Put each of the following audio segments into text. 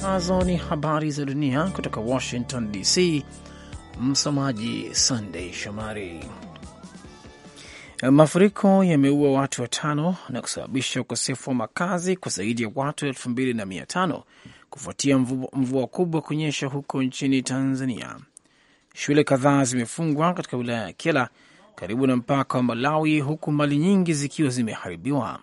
Zifuatazo ni habari za dunia kutoka Washington DC. Msomaji sandey Shomari. Mafuriko yameua watu watano na kusababisha ukosefu wa makazi kwa zaidi ya watu elfu mbili na mia tano kufuatia mvua kubwa kunyesha huko nchini Tanzania. Shule kadhaa zimefungwa katika wilaya ya Kyela karibu na mpaka wa Malawi, huku mali nyingi zikiwa zimeharibiwa.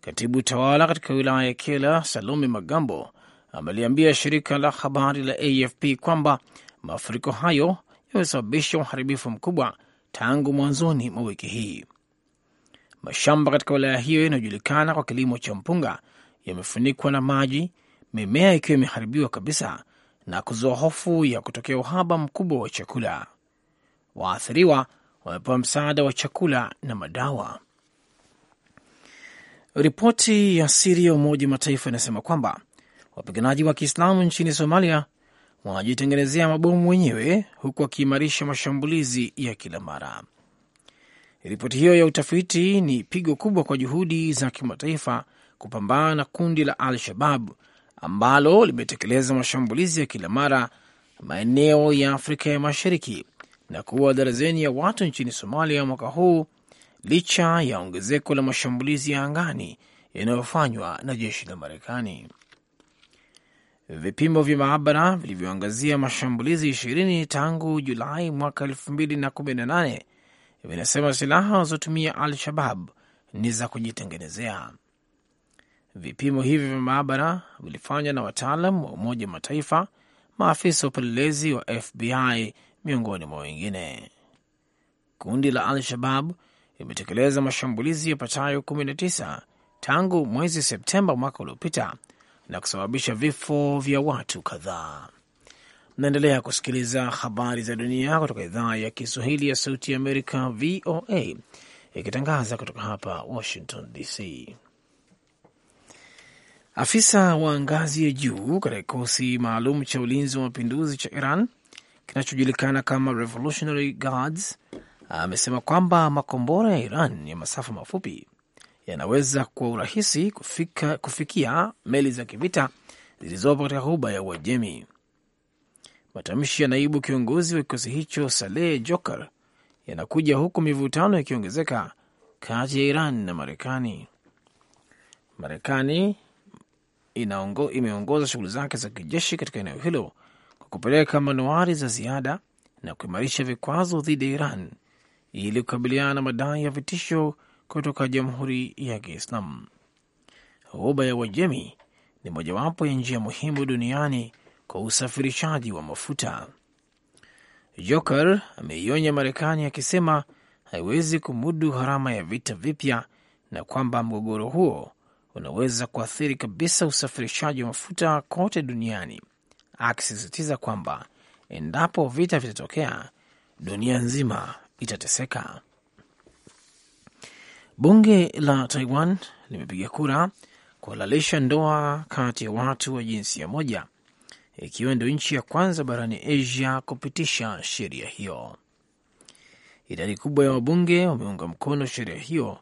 Katibu tawala katika wilaya ya Kyela, Salome Magambo, ameliambia shirika la habari la AFP kwamba mafuriko hayo yamesababisha uharibifu mkubwa tangu mwanzoni mwa wiki hii. Mashamba katika wilaya hiyo inayojulikana kwa kilimo cha mpunga yamefunikwa na maji, mimea ikiwa imeharibiwa kabisa na kuzua hofu ya kutokea uhaba mkubwa wa chakula. Waathiriwa wamepewa msaada wa chakula na madawa. Ripoti ya siri ya Umoja Mataifa inasema kwamba Wapiganaji wa Kiislamu nchini Somalia wanajitengenezea mabomu wenyewe huku wakiimarisha mashambulizi ya kila mara. Ripoti hiyo ya utafiti ni pigo kubwa kwa juhudi za kimataifa kupambana na kundi la Al-Shabab ambalo limetekeleza mashambulizi ya kila mara maeneo ya Afrika ya Mashariki na kuua darazeni ya watu nchini Somalia mwaka huu licha ya ongezeko la mashambulizi ya angani yanayofanywa na jeshi la Marekani vipimo vya maabara vilivyoangazia mashambulizi ishirini tangu Julai mwaka elfu mbili na kumi na nane vinasema silaha wanazotumia Al-Shabab ni za kujitengenezea. Vipimo hivyo vya maabara vilifanywa na wataalam wa Umoja wa Mataifa, maafisa wa upelelezi wa FBI miongoni mwa wengine. Kundi la Al-Shabab limetekeleza mashambulizi yapatayo 19 tangu mwezi Septemba mwaka uliopita na kusababisha vifo vya watu kadhaa. Mnaendelea kusikiliza habari za dunia kutoka idhaa ya Kiswahili ya Sauti ya Amerika, VOA, ikitangaza kutoka hapa Washington DC. Afisa wa ngazi ya juu katika kikosi maalum cha ulinzi wa mapinduzi cha Iran kinachojulikana kama Revolutionary Guards amesema kwamba makombora ya Iran ya masafa mafupi yanaweza kwa urahisi kufika, kufikia meli za kivita zilizopo katika ghuba ya Uajemi. Matamshi ya naibu kiongozi wa kikosi hicho Saleh Jokar yanakuja huku mivutano ikiongezeka kati ya Iran na Marekani. Marekani inaongo, imeongoza shughuli zake za kijeshi katika eneo hilo kwa kupeleka manuari za ziada na kuimarisha vikwazo dhidi ya Iran ili kukabiliana na madai ya vitisho kutoka Jamhuri ya kiislam Ghuba ya Uajemi ni mojawapo ya njia muhimu duniani kwa usafirishaji wa mafuta. Joker ameionya Marekani akisema haiwezi kumudu gharama ya vita vipya na kwamba mgogoro huo unaweza kuathiri kabisa usafirishaji wa mafuta kote duniani, akisisitiza kwamba endapo vita vitatokea, dunia nzima itateseka. Bunge la Taiwan limepiga kura kuhalalisha ndoa kati ya watu wa jinsia moja, ikiwa ndio nchi ya kwanza barani Asia kupitisha sheria hiyo. Idadi kubwa ya wabunge wameunga mkono sheria hiyo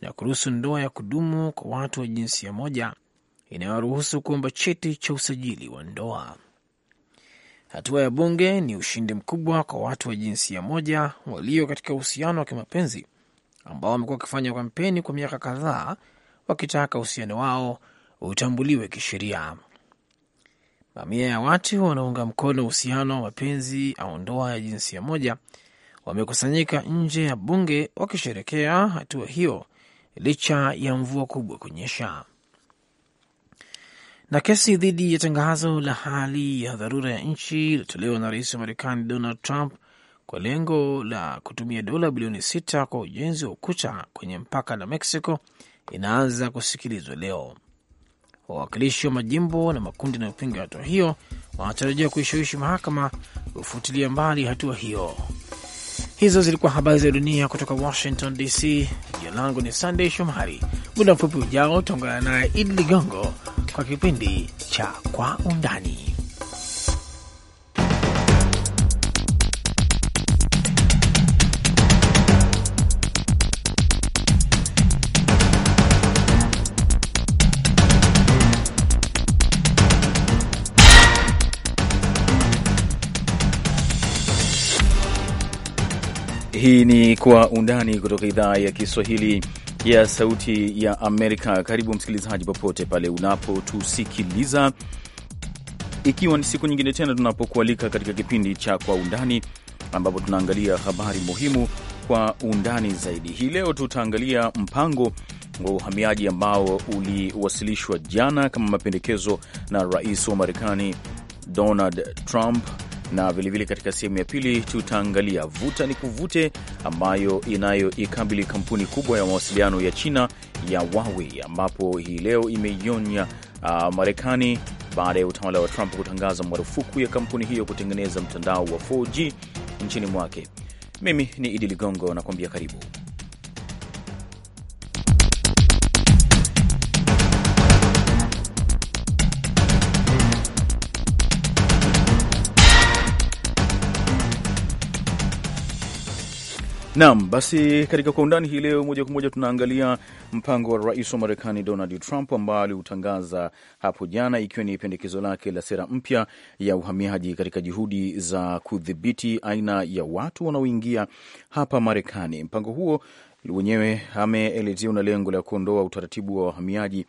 na kuruhusu ndoa ya kudumu kwa watu wa jinsia moja inayoruhusu kuomba cheti cha usajili wa ndoa. Hatua ya bunge ni ushindi mkubwa kwa watu wa jinsia moja walio katika uhusiano wa kimapenzi ambao wamekuwa wakifanya kampeni kwa miaka kadhaa wakitaka uhusiano wao utambuliwe kisheria. Mamia ya watu wanaunga mkono uhusiano wa mapenzi au ndoa ya jinsia moja wamekusanyika nje ya bunge wakisherekea hatua hiyo licha ya mvua kubwa kunyesha. Na kesi dhidi ya tangazo la hali ya dharura ya nchi iliyotolewa na rais wa Marekani Donald Trump kwa lengo la kutumia dola bilioni sita kwa ujenzi wa ukuta kwenye mpaka na Mexico inaanza kusikilizwa leo. Wawakilishi wa majimbo na makundi yanayopinga hatua hiyo wanatarajia kuishawishi mahakama kufutilia mbali hatua hiyo. Hizo zilikuwa habari za dunia kutoka Washington DC. Jina langu ni Sandey Shomari. Muda mfupi ujao utaungana naye Idi Ligongo kwa kipindi cha Kwa Undani. Hii ni Kwa Undani kutoka idhaa ya Kiswahili ya Sauti ya Amerika. Karibu msikilizaji, popote pale unapotusikiliza, ikiwa ni siku nyingine tena tunapokualika katika kipindi cha Kwa Undani, ambapo tunaangalia habari muhimu kwa undani zaidi. Hii leo tutaangalia mpango wa uhamiaji ambao uliwasilishwa jana kama mapendekezo na rais wa Marekani Donald Trump na vilevile katika sehemu ya pili tutaangalia vuta ni kuvute ambayo inayoikabili kampuni kubwa ya mawasiliano ya China ya Huawei, ambapo hii leo imeionya uh, Marekani baada ya utawala wa Trump kutangaza marufuku ya kampuni hiyo kutengeneza mtandao wa 4G nchini mwake. Mimi ni Idi Ligongo nakuambia karibu. Naam, basi katika kwa undani hii leo, moja kwa moja tunaangalia mpango wa rais wa Marekani Donald Trump ambao aliutangaza hapo jana, ikiwa ni pendekezo lake la sera mpya ya uhamiaji katika juhudi za kudhibiti aina ya watu wanaoingia hapa Marekani. Mpango huo wenyewe ameelezea una lengo la kuondoa utaratibu wa wahamiaji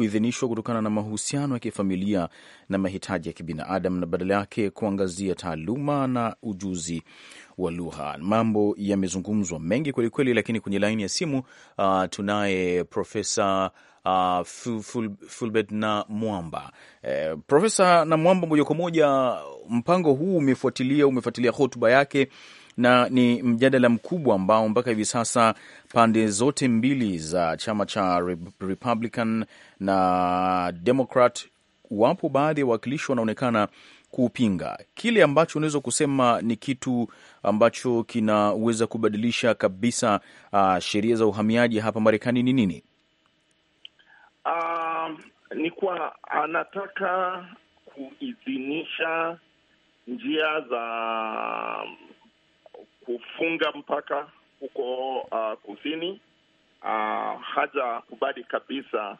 kuidhinishwa kutokana na mahusiano ya kifamilia na mahitaji ya kibinadamu na badala yake kuangazia taaluma na ujuzi wa lugha. Mambo yamezungumzwa mengi kwelikweli, lakini kwenye laini ya simu uh, tunaye Profesa uh, Fulbert na Mwamba. Uh, eh, Profesa na Mwamba, moja kwa moja, mpango huu umefuatilia umefuatilia hotuba yake na ni mjadala mkubwa ambao mpaka hivi sasa pande zote mbili za chama cha Republican na Democrat, wapo baadhi ya wawakilishi wanaonekana kupinga kile ambacho unaweza kusema ni kitu ambacho kinaweza kubadilisha kabisa uh, sheria za uhamiaji hapa Marekani ni nini? Uh, ni kwa anataka kuidhinisha njia za kufunga mpaka huko uh, kusini uh, hajakubali kabisa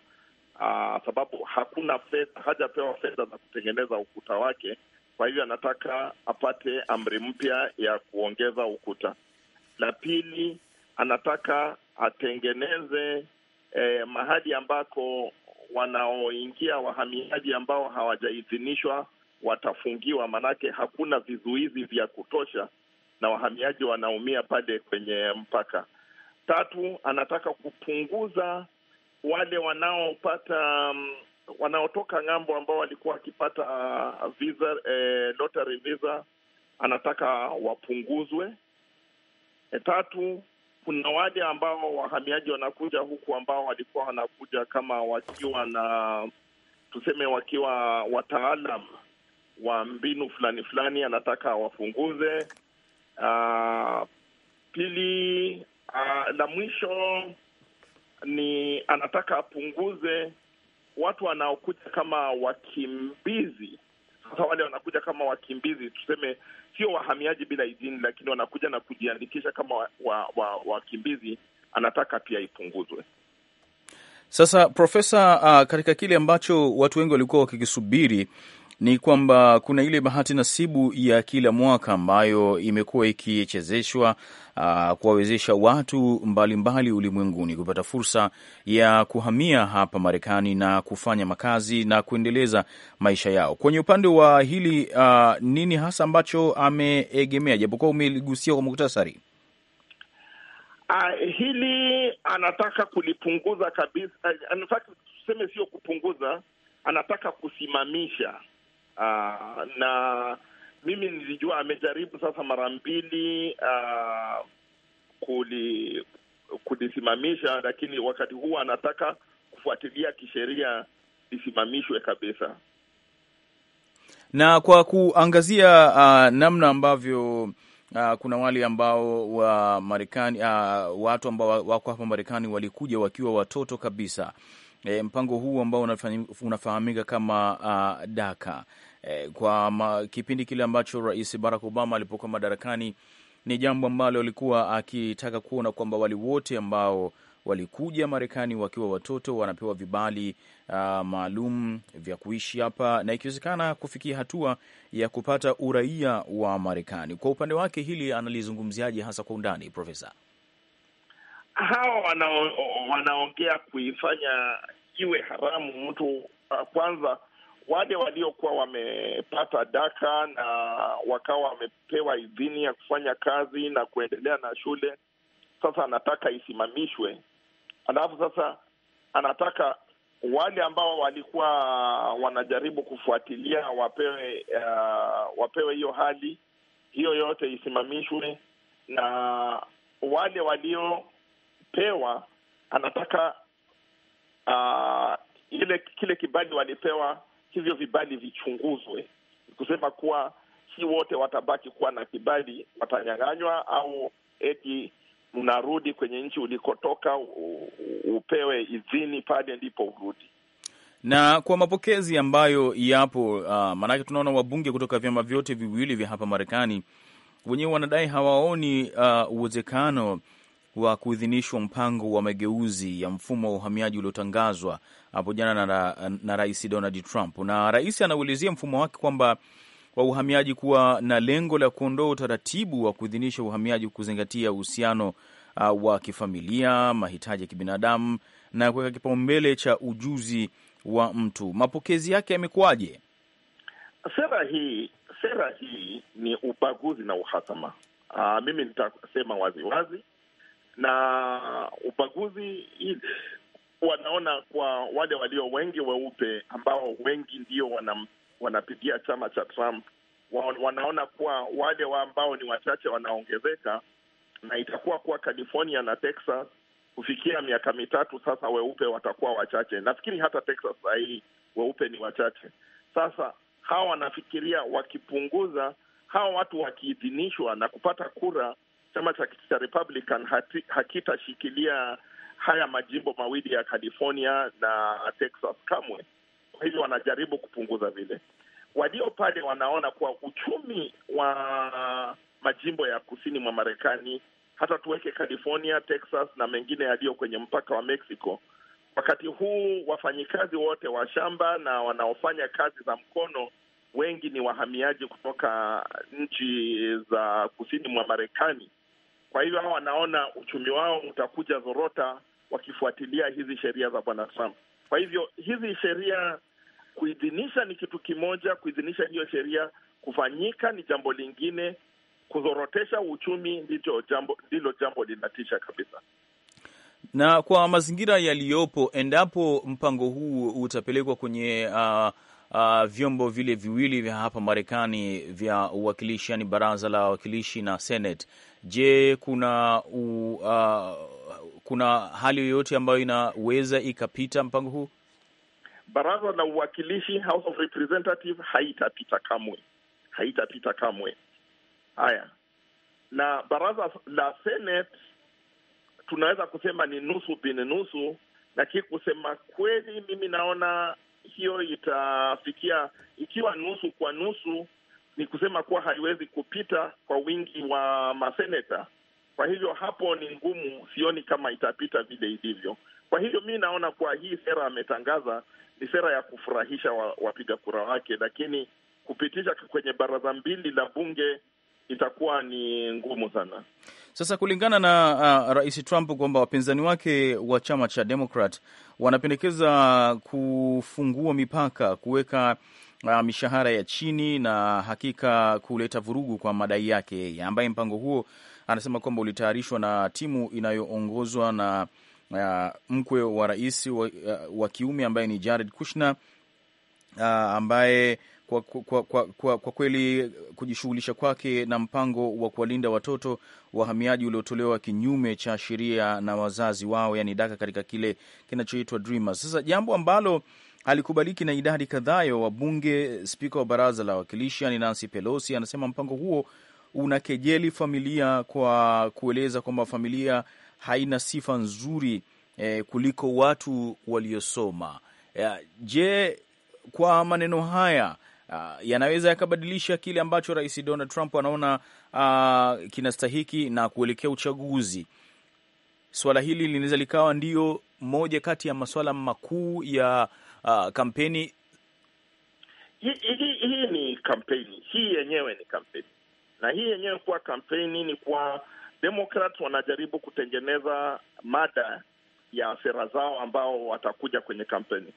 uh, sababu hakuna fedha, hajapewa fedha za kutengeneza ukuta wake. Kwa hivyo anataka apate amri mpya ya kuongeza ukuta. La pili, anataka atengeneze eh, mahali ambako wanaoingia wahamiaji ambao hawajaidhinishwa watafungiwa, maanake hakuna vizuizi vya kutosha na wahamiaji wanaumia pale kwenye mpaka. Tatu, anataka kupunguza wale wanaopata um, wanaotoka ng'ambo ambao walikuwa wakipata uh, visa eh, lottery visa anataka wapunguzwe. E, tatu kuna wale ambao wahamiaji wanakuja huku ambao walikuwa wanakuja kama wakiwa na tuseme, wakiwa wataalam wa mbinu fulani fulani, anataka wapunguze. Uh, pili, uh, la mwisho ni anataka apunguze watu wanaokuja kama wakimbizi. Sasa wale wanakuja kama wakimbizi, tuseme sio wahamiaji bila idhini, lakini wanakuja na kujiandikisha kama wakimbizi wa, wa, wakimbizi anataka pia ipunguzwe. Sasa profesa, uh, katika kile ambacho watu wengi walikuwa wakikisubiri ni kwamba kuna ile bahati nasibu ya kila mwaka ambayo imekuwa ikichezeshwa ah, kuwawezesha watu mbalimbali ulimwenguni kupata fursa ya kuhamia hapa Marekani na kufanya makazi na kuendeleza maisha yao. Kwenye upande wa hili a, ah, nini hasa ambacho ameegemea, japokuwa umeligusia kwa muktasari? Uh, hili anataka kulipunguza kabisa. Uh, anataka tuseme sio kupunguza, anataka kusimamisha uh, na mimi nilijua amejaribu sasa mara mbili uh, kuli, kulisimamisha, lakini wakati huu anataka kufuatilia kisheria lisimamishwe kabisa na kwa kuangazia uh, namna ambavyo uh, kuna wale ambao wa Marekani uh, watu ambao wako hapa Marekani walikuja wakiwa watoto kabisa. E, mpango huu ambao unafahamika kama uh, daka eh, kwa ma, kipindi kile ambacho Rais Barack Obama alipokuwa madarakani, ni jambo ambalo alikuwa akitaka kuona kwamba wale wote ambao walikuja Marekani wakiwa watoto wanapewa vibali uh, maalum vya kuishi hapa na ikiwezekana kufikia hatua ya kupata uraia wa Marekani. Kwa upande wake hili analizungumziaje hasa kwa undani, Profesa? Hawa wanaongea wanaongea kuifanya iwe haramu mtu uh, kwanza wale waliokuwa wamepata daka na wakawa wamepewa idhini ya kufanya kazi na kuendelea na shule, sasa anataka isimamishwe. Alafu sasa anataka wale ambao walikuwa wanajaribu kufuatilia wapewe uh, wapewe hiyo hali hiyo yote isimamishwe, na wale waliopewa anataka uh, ile kile kibali walipewa hivyo vibali vichunguzwe, kusema kuwa si wote watabaki kuwa na kibali, watanyang'anywa au eti mnarudi kwenye nchi ulikotoka upewe idhini pale ndipo urudi. Na kwa mapokezi ambayo yapo uh, maanake tunaona wabunge kutoka vyama vyote viwili vya hapa Marekani wenyewe wanadai hawaoni uh, uwezekano uh, wa kuidhinishwa mpango wa mageuzi ya mfumo wa uhamiaji uliotangazwa hapo jana na, na Rais Donald Trump, na rais anauelezea mfumo wake kwamba wa uhamiaji kuwa na lengo la kuondoa utaratibu wa kuidhinisha uhamiaji kuzingatia uhusiano uh, wa kifamilia, mahitaji ya kibinadamu na kuweka kipaumbele cha ujuzi wa mtu. Mapokezi yake yamekuwaje? Sera hii sera hii ni ubaguzi na uhasama. Aa, uh, mimi nitasema waziwazi na ubaguzi wanaona kwa wale walio wengi weupe ambao wengi ndio wana, wanapigia chama cha Trump wanaona kuwa wale wa ambao ni wachache wanaongezeka, na itakuwa kuwa California na Texas kufikia miaka mitatu sasa, weupe watakuwa wachache. Nafikiri hata Texas saa hii weupe ni wachache. Sasa hawa wanafikiria wakipunguza, hawa watu wakiidhinishwa na kupata kura chama cha Republican hakitashikilia haya majimbo mawili ya California na Texas kamwe. Kwa hivyo wanajaribu kupunguza vile. Walio pale wanaona kuwa uchumi wa majimbo ya kusini mwa Marekani, hata tuweke California, Texas na mengine yaliyo kwenye mpaka wa Mexico, wakati huu wafanyikazi wote wa shamba na wanaofanya kazi za mkono wengi ni wahamiaji kutoka nchi za kusini mwa Marekani kwa hivyo hawa wanaona uchumi wao utakuja zorota wakifuatilia hizi sheria za bwana Trump. Kwa hivyo hizi sheria kuidhinisha ni kitu kimoja, kuidhinisha hiyo sheria kufanyika ni jambo lingine, kuzorotesha uchumi ndilo jambo, ndilo jambo linatisha kabisa. Na kwa mazingira yaliyopo, endapo mpango huu utapelekwa kwenye uh uh, vyombo vile viwili vya hapa Marekani vya uwakilishi, yani baraza la wawakilishi na Senate. Je, kuna u, uh, kuna hali yoyote ambayo inaweza ikapita mpango huu? Baraza la uwakilishi House of Representatives haitapita kamwe, haitapita kamwe. Haya, na baraza la Senate tunaweza kusema ni nusu bin nusu, lakini kusema kweli, mimi naona hiyo itafikia ikiwa nusu kwa nusu, ni kusema kuwa haiwezi kupita kwa wingi wa maseneta. Kwa hivyo hapo ni ngumu, sioni kama itapita vile ilivyo. Kwa hivyo mi naona kuwa hii sera ametangaza ni sera ya kufurahisha wapiga kura wake, lakini kupitisha kwenye baraza mbili la bunge itakuwa ni ngumu sana. Sasa kulingana na uh, Rais Trump kwamba wapinzani wake wa chama cha demokrat wanapendekeza kufungua mipaka, kuweka uh, mishahara ya chini na hakika kuleta vurugu kwa madai yake yeye, ambaye mpango huo anasema kwamba ulitayarishwa na timu inayoongozwa na uh, mkwe wa rais wa, uh, wa kiume ambaye ni Jared Kushner uh, ambaye kwa, kwa, kwa, kwa, kwa kweli kujishughulisha kwake na mpango wa kuwalinda watoto wahamiaji uliotolewa kinyume cha sheria na wazazi wao, yani daka katika kile kinachoitwa Dreamers. Sasa jambo ambalo alikubaliki na idadi kadhaa ya wabunge. Spika wa baraza la wawakilishi yani Nancy Pelosi anasema mpango huo unakejeli familia kwa kueleza kwamba familia haina sifa nzuri eh, kuliko watu waliosoma eh. Je, kwa maneno haya uh, yanaweza yakabadilisha kile ambacho Rais Donald Trump anaona uh, kinastahiki na kuelekea uchaguzi. Swala hili linaweza likawa ndiyo moja kati ya masuala makuu ya uh, kampeni hii. Hi, hi, ni kampeni hii yenyewe ni kampeni, na hii yenyewe kuwa kampeni ni kwa demokrat wanajaribu kutengeneza mada ya sera zao ambao watakuja kwenye kampeni.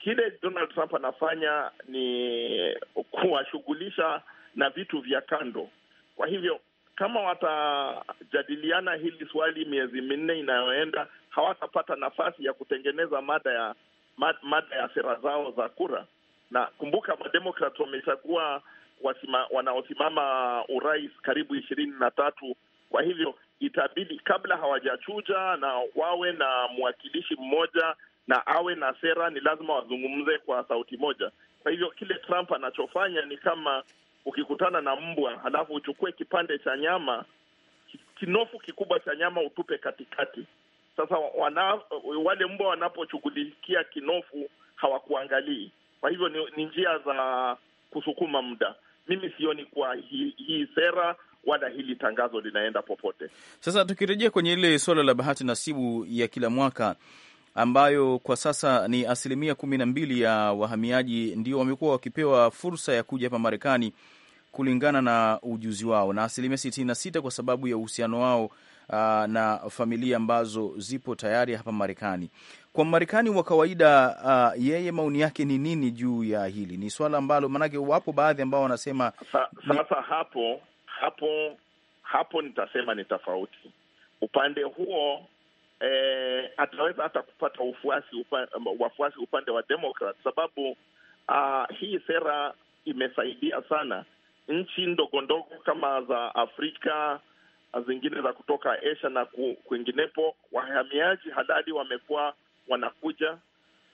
Kile Donald Trump anafanya ni kuwashughulisha na vitu vya kando. Kwa hivyo kama watajadiliana hili swali miezi minne inayoenda, hawatapata nafasi ya kutengeneza mada ya mada ya sera zao za kura. Na kumbuka, mademokrat wamechagua wanaosimama urais karibu ishirini na tatu. Kwa hivyo itabidi kabla hawajachuja na wawe na mwakilishi mmoja na awe na sera, ni lazima wazungumze kwa sauti moja. Kwa hivyo kile Trump anachofanya ni kama ukikutana na mbwa halafu uchukue kipande cha nyama, kinofu kikubwa cha nyama utupe katikati. Sasa wana, wale mbwa wanaposhughulikia kinofu hawakuangalii. Kwa hivyo ni, ni njia za kusukuma muda. Mimi sioni kuwa hii hi sera wala hili tangazo linaenda popote. Sasa tukirejea kwenye ile suala la bahati nasibu ya kila mwaka ambayo kwa sasa ni asilimia kumi na mbili ya wahamiaji ndio wamekuwa wakipewa fursa ya kuja hapa Marekani kulingana na ujuzi wao, na asilimia sitini na sita kwa sababu ya uhusiano wao uh, na familia ambazo zipo tayari hapa Marekani. Kwa Marekani wa kawaida uh, yeye maoni yake ni nini juu ya hili? Ni swala ambalo maanake, wapo baadhi ambao wanasema sasa ni... hapo hapo hapo nitasema ni tofauti. Upande huo eh, ataweza hata kupata ufuasi upa, wafuasi um, upande wa demokrat sababu uh, hii sera imesaidia sana nchi ndogo ndogo kama za Afrika zingine za kutoka Asia na kwinginepo. Wahamiaji halali wamekuwa wanakuja,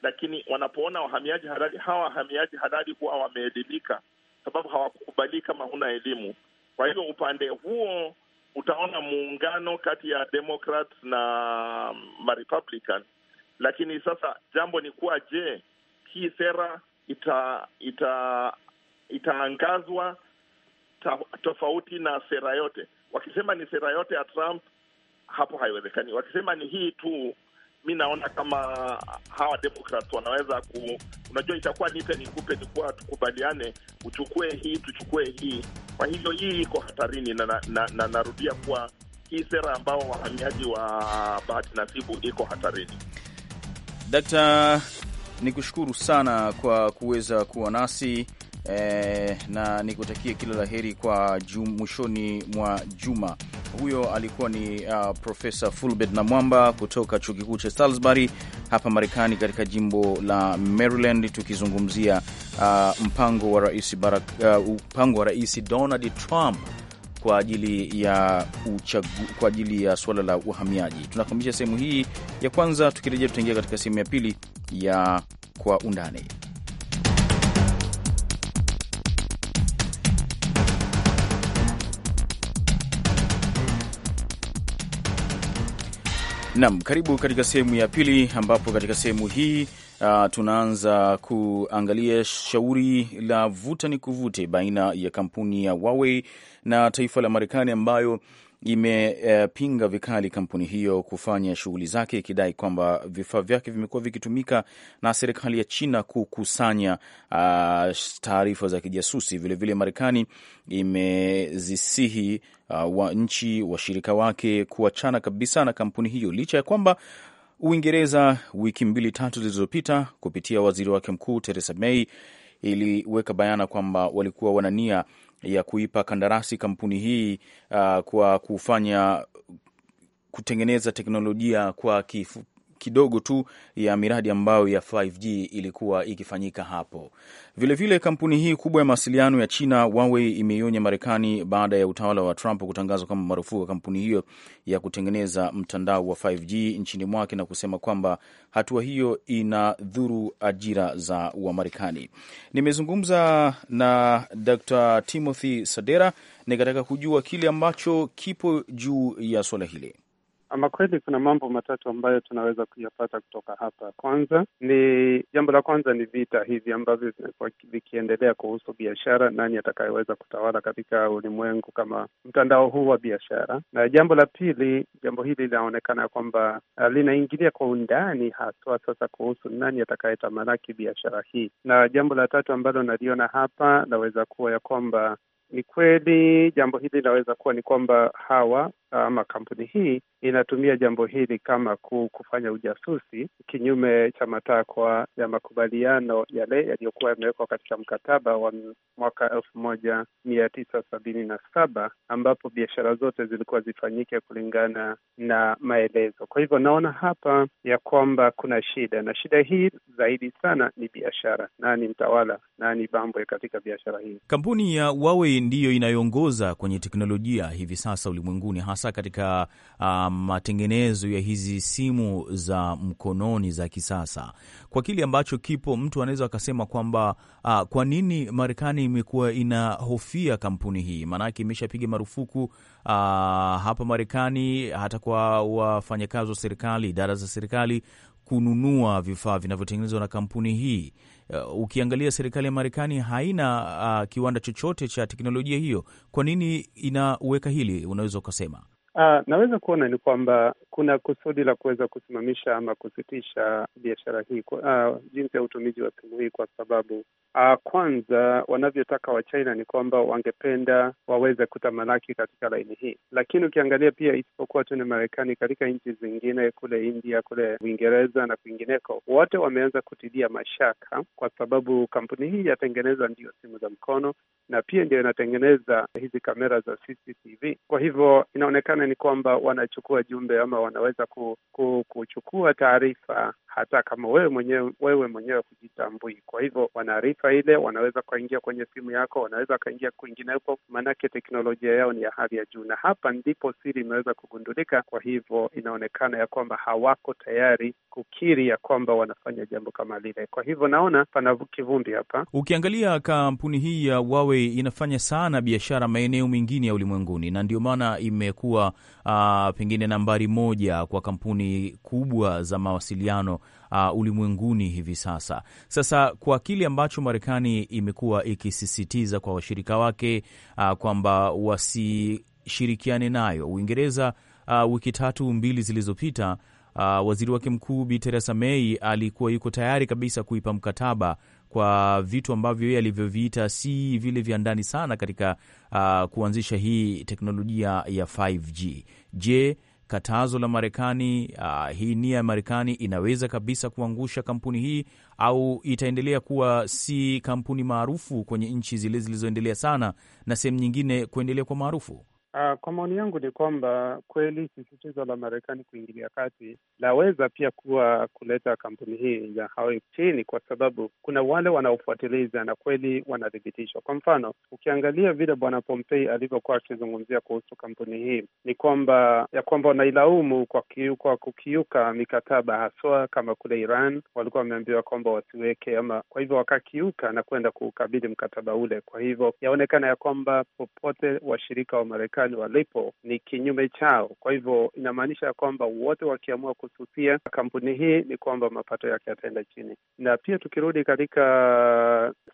lakini wanapoona wahamiaji halali hawa wahamiaji halali huwa wameelimika, sababu hawakukubalii kama huna elimu. Kwa hiyo upande huo utaona muungano kati ya Democrats na um, Marepublican, lakini sasa jambo ni kuwa, je, hii sera ita, ita, itaangazwa tofauti na sera yote? Wakisema ni sera yote ya Trump, hapo haiwezekani. Wakisema ni hii tu mi naona kama hawa Demokrat wanaweza ku, unajua itakuwa nipe nikupe, nikuwa tukubaliane, uchukue hii tuchukue hii. Kwa hivyo hii iko hatarini, na, na, na, na narudia kuwa hii sera ambao wahamiaji wa bahati nasibu iko hatarini. Dakta, ni kushukuru sana kwa kuweza kuwa nasi eh, na nikutakie kila la heri kwa mwishoni mwa juma. Huyo alikuwa ni uh, Profesa Fulbert Namwamba kutoka chuo kikuu cha Salisbury hapa Marekani, katika jimbo la Maryland, tukizungumzia uh, mpango wa rais Barack, uh, mpango wa rais Donald Trump kwa ajili ya uchagu, kwa ajili ya suala la uhamiaji. Tunakamilisha sehemu hii ya kwanza, tukirejea tutaingia katika sehemu ya pili ya kwa undani. nam karibu katika sehemu ya pili, ambapo katika sehemu hii uh, tunaanza kuangalia shauri la vuta ni kuvute baina ya kampuni ya Huawei na taifa la Marekani ambayo imepinga uh, vikali kampuni hiyo kufanya shughuli zake ikidai kwamba vifaa vyake vimekuwa vikitumika na serikali ya China kukusanya uh, taarifa za kijasusi. Vilevile Marekani imezisihi uh, wa nchi washirika wake kuachana kabisa na kampuni hiyo licha ya kwamba Uingereza wiki mbili tatu zilizopita kupitia waziri wake mkuu Theresa May iliweka bayana kwamba walikuwa wana nia ya kuipa kandarasi kampuni hii uh, kwa kufanya kutengeneza teknolojia kwa kifu, kidogo tu ya miradi ambayo ya 5G ilikuwa ikifanyika hapo. Vilevile vile kampuni hii kubwa ya mawasiliano ya China Huawei imeionya Marekani baada ya utawala wa Trump kutangaza kwamba marufuku ya kampuni hiyo ya kutengeneza mtandao wa 5G nchini mwake na kusema kwamba hatua hiyo inadhuru ajira za Wamarekani. Nimezungumza na Dr. Timothy Sadera nikataka kujua kile ambacho kipo juu ya suala hili. Ama kweli kuna mambo matatu ambayo tunaweza kuyapata kutoka hapa. Kwanza ni jambo la kwanza ni vita hivi ambavyo vimekuwa vikiendelea kuhusu biashara, nani atakayeweza kutawala katika ulimwengu kama mtandao huu wa biashara. Na jambo la pili, jambo hili linaonekana kwamba ah, linaingilia kwa undani haswa sasa kuhusu nani atakayetamalaki biashara hii. Na jambo la tatu ambalo naliona hapa naweza kuwa ya kwamba ni kweli jambo hili linaweza kuwa ni kwamba hawa ama kampuni hii inatumia jambo hili kama kufanya ujasusi kinyume cha matakwa ya makubaliano yale yaliyokuwa yamewekwa katika mkataba wa mwaka elfu moja mia tisa sabini na saba ambapo biashara zote zilikuwa zifanyike kulingana na maelezo. Kwa hivyo naona hapa ya kwamba kuna shida, na shida hii zaidi sana ni biashara. Nani mtawala, nani bambwe katika biashara hii? Kampuni ya Huawei ndiyo inayoongoza kwenye teknolojia hivi sasa ulimwenguni, hasa katika ah, matengenezo ya hizi simu za mkononi za kisasa. Kwa kile ambacho kipo, mtu anaweza akasema kwamba uh, kwa nini Marekani imekuwa inahofia kampuni hii? Maanake imeshapiga marufuku uh, hapa Marekani hata kwa wafanyakazi wa serikali, idara za serikali kununua vifaa vinavyotengenezwa na kampuni hii uh, ukiangalia serikali ya Marekani haina uh, kiwanda chochote cha teknolojia hiyo. Kwa nini inaweka hili, unaweza ukasema Uh, naweza kuona ni kwamba kuna kusudi la kuweza kusimamisha ama kusitisha biashara hii uh, jinsi ya utumizi wa simu hii kwa sababu uh, kwanza wanavyotaka wa china ni kwamba wangependa waweze kutamalaki katika laini hii, lakini ukiangalia pia isipokuwa tu ni Marekani, katika nchi zingine kule India, kule Uingereza na kwingineko, wote wameanza kutilia mashaka kwa sababu kampuni hii yatengeneza ndio simu za mkono na pia ndio inatengeneza hizi kamera za CCTV. Kwa hivyo inaonekana ni kwamba wanachukua jumbe ama wanaweza ku, ku, kuchukua taarifa hata kama wewe mwenyewe wewe mwenyewe kujitambui. Kwa hivyo wanaarifa ile wanaweza kaingia kwenye simu yako, wanaweza kaingia kwinginepo, maanake teknolojia yao ni ya hali ya juu, na hapa ndipo siri imeweza kugundulika. Kwa hivyo inaonekana ya kwamba hawako tayari kukiri ya kwamba wanafanya jambo kama lile. Kwa hivyo naona pana kivumbi hapa. Ukiangalia kampuni hii ya Huawei inafanya sana biashara maeneo mengine ya ulimwenguni, na ndio maana imekuwa uh, pengine nambari moja kwa kampuni kubwa za mawasiliano uh, ulimwenguni hivi sasa. Sasa kwa kile ambacho Marekani imekuwa ikisisitiza kwa washirika wake uh, kwamba wasishirikiane nayo, Uingereza uh, wiki tatu mbili zilizopita Uh, waziri wake mkuu Bi Theresa May alikuwa yuko tayari kabisa kuipa mkataba kwa vitu ambavyo yeye alivyoviita si vile vya ndani sana katika uh, kuanzisha hii teknolojia ya 5G. Je, katazo la Marekani, uh, hii nia ya Marekani inaweza kabisa kuangusha kampuni hii, au itaendelea kuwa si kampuni maarufu kwenye nchi zile zilizoendelea sana na sehemu nyingine kuendelea kwa maarufu? Uh, kwa maoni yangu ni kwamba kweli sisitizo la Marekani kuingilia kati laweza pia kuwa kuleta kampuni hii ya Huawei chini, kwa sababu kuna wale wanaofuatiliza na kweli wanathibitishwa. Kwa mfano, ukiangalia vile Bwana Pompei alivyokuwa akizungumzia kuhusu kampuni hii ni kwamba ya kwamba wanailaumu kwa kiuka, kukiuka mikataba haswa kama kule Iran walikuwa wameambiwa kwamba wasiweke ama, kwa hivyo wakakiuka na kwenda kuukabili mkataba ule. Kwa hivyo yaonekana ya kwamba popote washirika wa Marekani Marekani walipo ni kinyume chao. Kwa hivyo inamaanisha ya kwamba wote wakiamua kususia kampuni hii ni kwamba mapato yake yataenda chini. Na pia tukirudi katika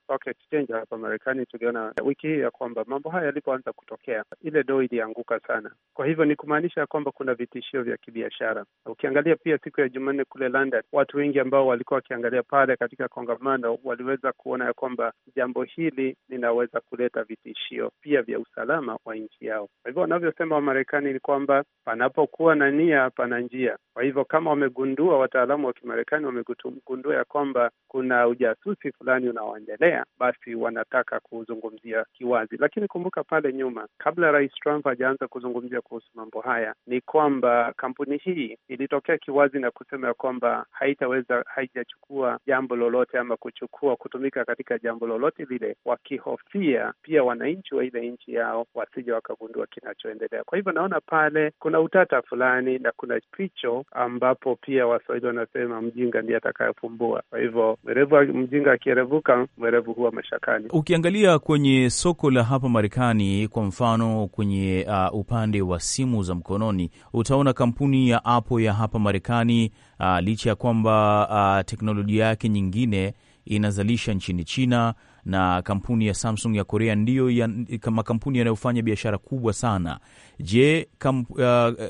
stock exchange hapa Marekani, tuliona wiki hii ya kwamba mambo haya yalipoanza kutokea, ile doo ilianguka sana. Kwa hivyo ni kumaanisha ya kwamba kuna vitishio vya kibiashara. Ukiangalia pia siku ya Jumanne kule London, watu wengi ambao walikuwa wakiangalia pale katika kongamano waliweza kuona ya kwamba jambo hili linaweza kuleta vitishio pia vya usalama wa nchi yao. Kwa hivyo wanavyosema Wamarekani ni kwamba panapokuwa na nia, pana njia. Kwa hivyo kama wamegundua, wataalamu wa Kimarekani wamegundua ya kwamba kuna ujasusi fulani unaoendelea, basi wanataka kuzungumzia kiwazi. Lakini kumbuka pale nyuma, kabla Rais Trump hajaanza kuzungumzia kuhusu mambo haya, ni kwamba kampuni hii ilitokea kiwazi na kusema ya kwamba haitaweza, haijachukua jambo lolote ama kuchukua kutumika katika jambo lolote lile, wakihofia pia wananchi wa ile nchi yao wasije wakagundua kinachoendelea. Kwa hivyo naona pale kuna utata fulani na kuna picho ambapo pia Waswahili wanasema mjinga ndiye atakayefumbua. Kwa hivyo mwerevu, mjinga akierevuka, mwerevu huwa mashakani. Ukiangalia kwenye soko la hapa Marekani kwa mfano, kwenye uh, upande wa simu za mkononi utaona kampuni ya Apple ya hapa Marekani uh, licha ya kwamba uh, teknolojia yake nyingine inazalisha nchini China na kampuni ya Samsung ya Korea ndiyo ya, makampuni yanayofanya biashara kubwa sana. Je, kamp, uh,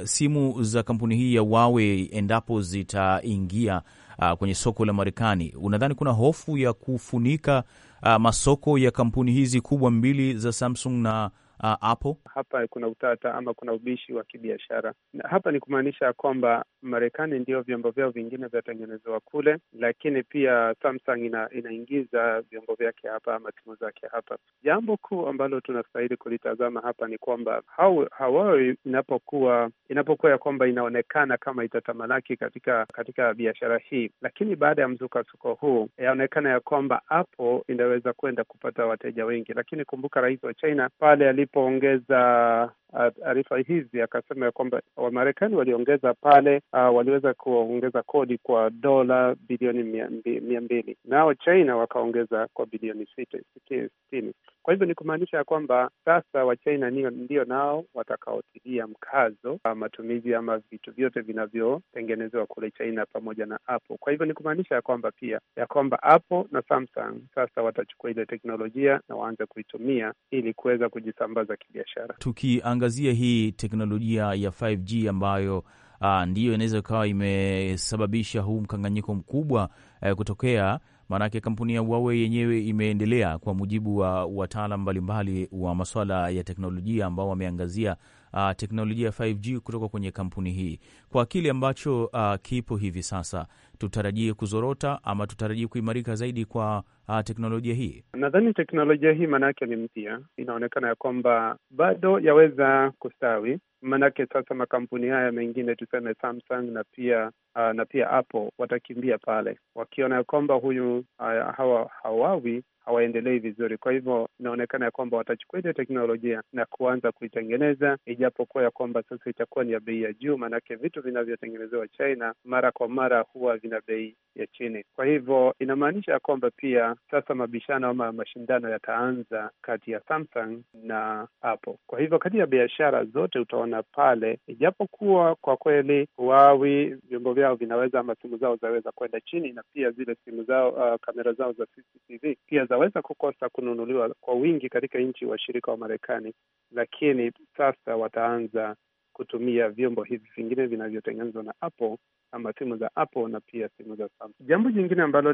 simu za kampuni hii ya Huawei endapo zitaingia uh, kwenye soko la Marekani, unadhani kuna hofu ya kufunika uh, masoko ya kampuni hizi kubwa mbili za Samsung na uh, hapo hapa kuna utata ama kuna ubishi wa kibiashara hapa. Ni kumaanisha ya kwamba Marekani ndio vyombo vyao vingine vyatengenezewa kule, lakini pia Samsung ina, inaingiza vyombo vyake hapa ama timu zake hapa. Jambo kuu ambalo tunastahili kulitazama hapa ni kwamba Huawei inapokuwa inapokuwa ya kwamba inaonekana kama itatamalaki katika katika biashara hii, lakini baada ya mzukasuko huu yaonekana ya kwamba hapo inaweza kwenda kupata wateja wengi, lakini kumbuka rais wa China pale tulipoongeza taarifa hizi akasema ya kwamba Wamarekani waliongeza pale, uh, waliweza kuongeza kodi kwa dola bilioni mia mbili nao China wakaongeza kwa bilioni sitini. Kwa hivyo ni kumaanisha ya kwamba sasa Wachina ndio nao watakaotilia mkazo uh, matumizi ama vitu vyote vinavyotengenezewa kule China pamoja na Apple. Kwa hivyo ni kumaanisha ya kwamba pia ya kwamba Apple na Samsung sasa watachukua ile teknolojia na waanze kuitumia ili kuweza kujisambaza kibiashara tunaangazia hii teknolojia ya 5G ambayo uh, ndiyo inaweza ikawa imesababisha huu mkanganyiko mkubwa uh, kutokea maanake kampuni ya Huawei yenyewe imeendelea kwa mujibu wa wataalam mbalimbali wa maswala ya teknolojia ambao wameangazia uh, teknolojia ya 5G kutoka kwenye kampuni hii kwa kile ambacho uh, kipo hivi sasa tutarajie kuzorota ama tutarajie kuimarika zaidi kwa ah, teknolojia hii? Nadhani teknolojia hii maanake ni mpya, inaonekana ya kwamba bado yaweza kustawi, maanake sasa makampuni haya mengine tuseme Samsung na pia uh, na pia Apple watakimbia pale, wakiona ya kwamba huyu uh, hawa hawawi hawaendelei vizuri. Kwa hivyo inaonekana ya kwamba watachukua ile teknolojia na kuanza kuitengeneza, ijapokuwa ya kwamba sasa itakuwa ni ya bei ya juu, maanake vitu vinavyotengenezewa China mara kwa mara huwa vina bei ya chini. Kwa hivyo inamaanisha ya kwamba pia sasa mabishano ama mashindano yataanza kati ya Samsung na Apple. Kwa hivyo kati ya biashara zote utaona pale, ijapokuwa kwa kweli Huawei vyombo vyao vinaweza ama simu zao zaweza kwenda chini, na pia zile simu zao uh, kamera zao za CCTV pia zaweza kukosa kununuliwa kwa wingi katika nchi washirika wa Marekani, lakini sasa wataanza kutumia vyombo hivi vingine vinavyotengenezwa na Apple ama simu za Apple na pia simu za Samsung. Jambo jingine ambalo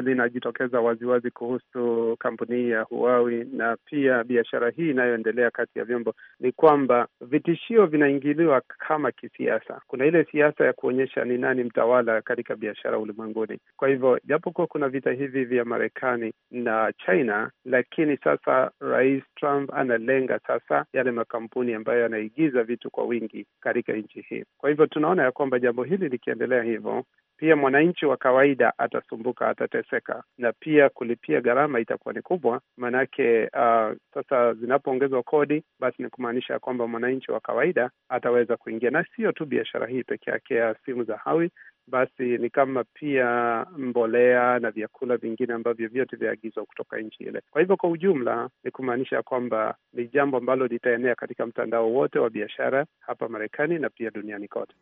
linajitokeza waziwazi kuhusu kampuni ya Huawei na pia biashara hii inayoendelea kati ya vyombo ni kwamba vitishio vinaingiliwa kama kisiasa. Kuna ile siasa ya kuonyesha ni nani mtawala katika biashara ulimwenguni. Kwa hivyo, japokuwa kuna vita hivi vya Marekani na China, lakini sasa Rais Trump analenga sasa yale makampuni ambayo yanaigiza vitu kwa wingi katika nchi hii. Kwa hivyo, tunaona ya kwamba jambo hili ikiendelea hivyo, pia mwananchi wa kawaida atasumbuka, atateseka, na pia kulipia gharama itakuwa ni kubwa. Maanake uh, sasa zinapoongezwa kodi, basi ni kumaanisha ya kwamba mwananchi wa kawaida ataweza kuingia, na sio tu biashara hii peke yake ya simu za hawi, basi ni kama pia mbolea na vyakula vingine ambavyo vyote vyaagizwa kutoka nchi ile. Kwa hivyo, kwa ujumla ni kumaanisha ya kwamba ni jambo ambalo litaenea katika mtandao wote wa biashara hapa Marekani na pia duniani kote.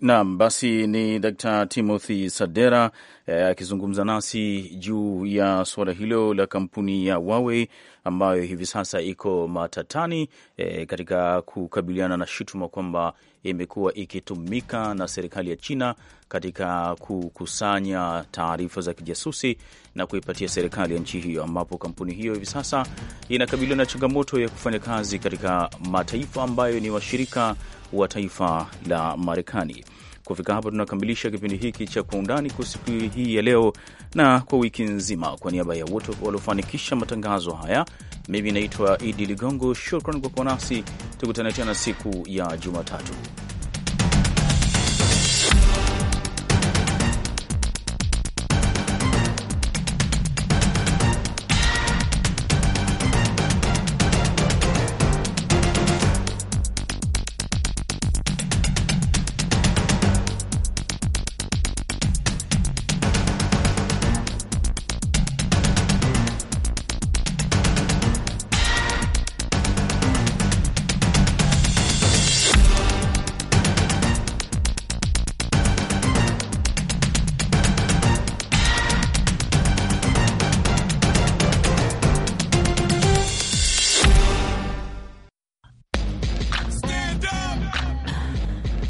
Naam, basi ni Dkt. Timothy Sadera eh, akizungumza eh, nasi juu ya suala hilo la kampuni ya Huawei ambayo hivi sasa iko matatani eh, katika kukabiliana na shutuma kwamba imekuwa ikitumika na serikali ya China katika kukusanya taarifa za kijasusi na kuipatia serikali ya nchi hiyo, ambapo kampuni hiyo hivi sasa inakabiliwa na changamoto ya kufanya kazi katika mataifa ambayo ni washirika wa taifa la Marekani. Kufika hapa tunakamilisha kipindi hiki cha Kwa Undani kwa siku hii ya leo na kwa wiki nzima. Kwa niaba ya wote waliofanikisha matangazo haya, mimi naitwa Idi Ligongo. Shukran kwa kuwa nasi, tukutane tena siku ya Jumatatu.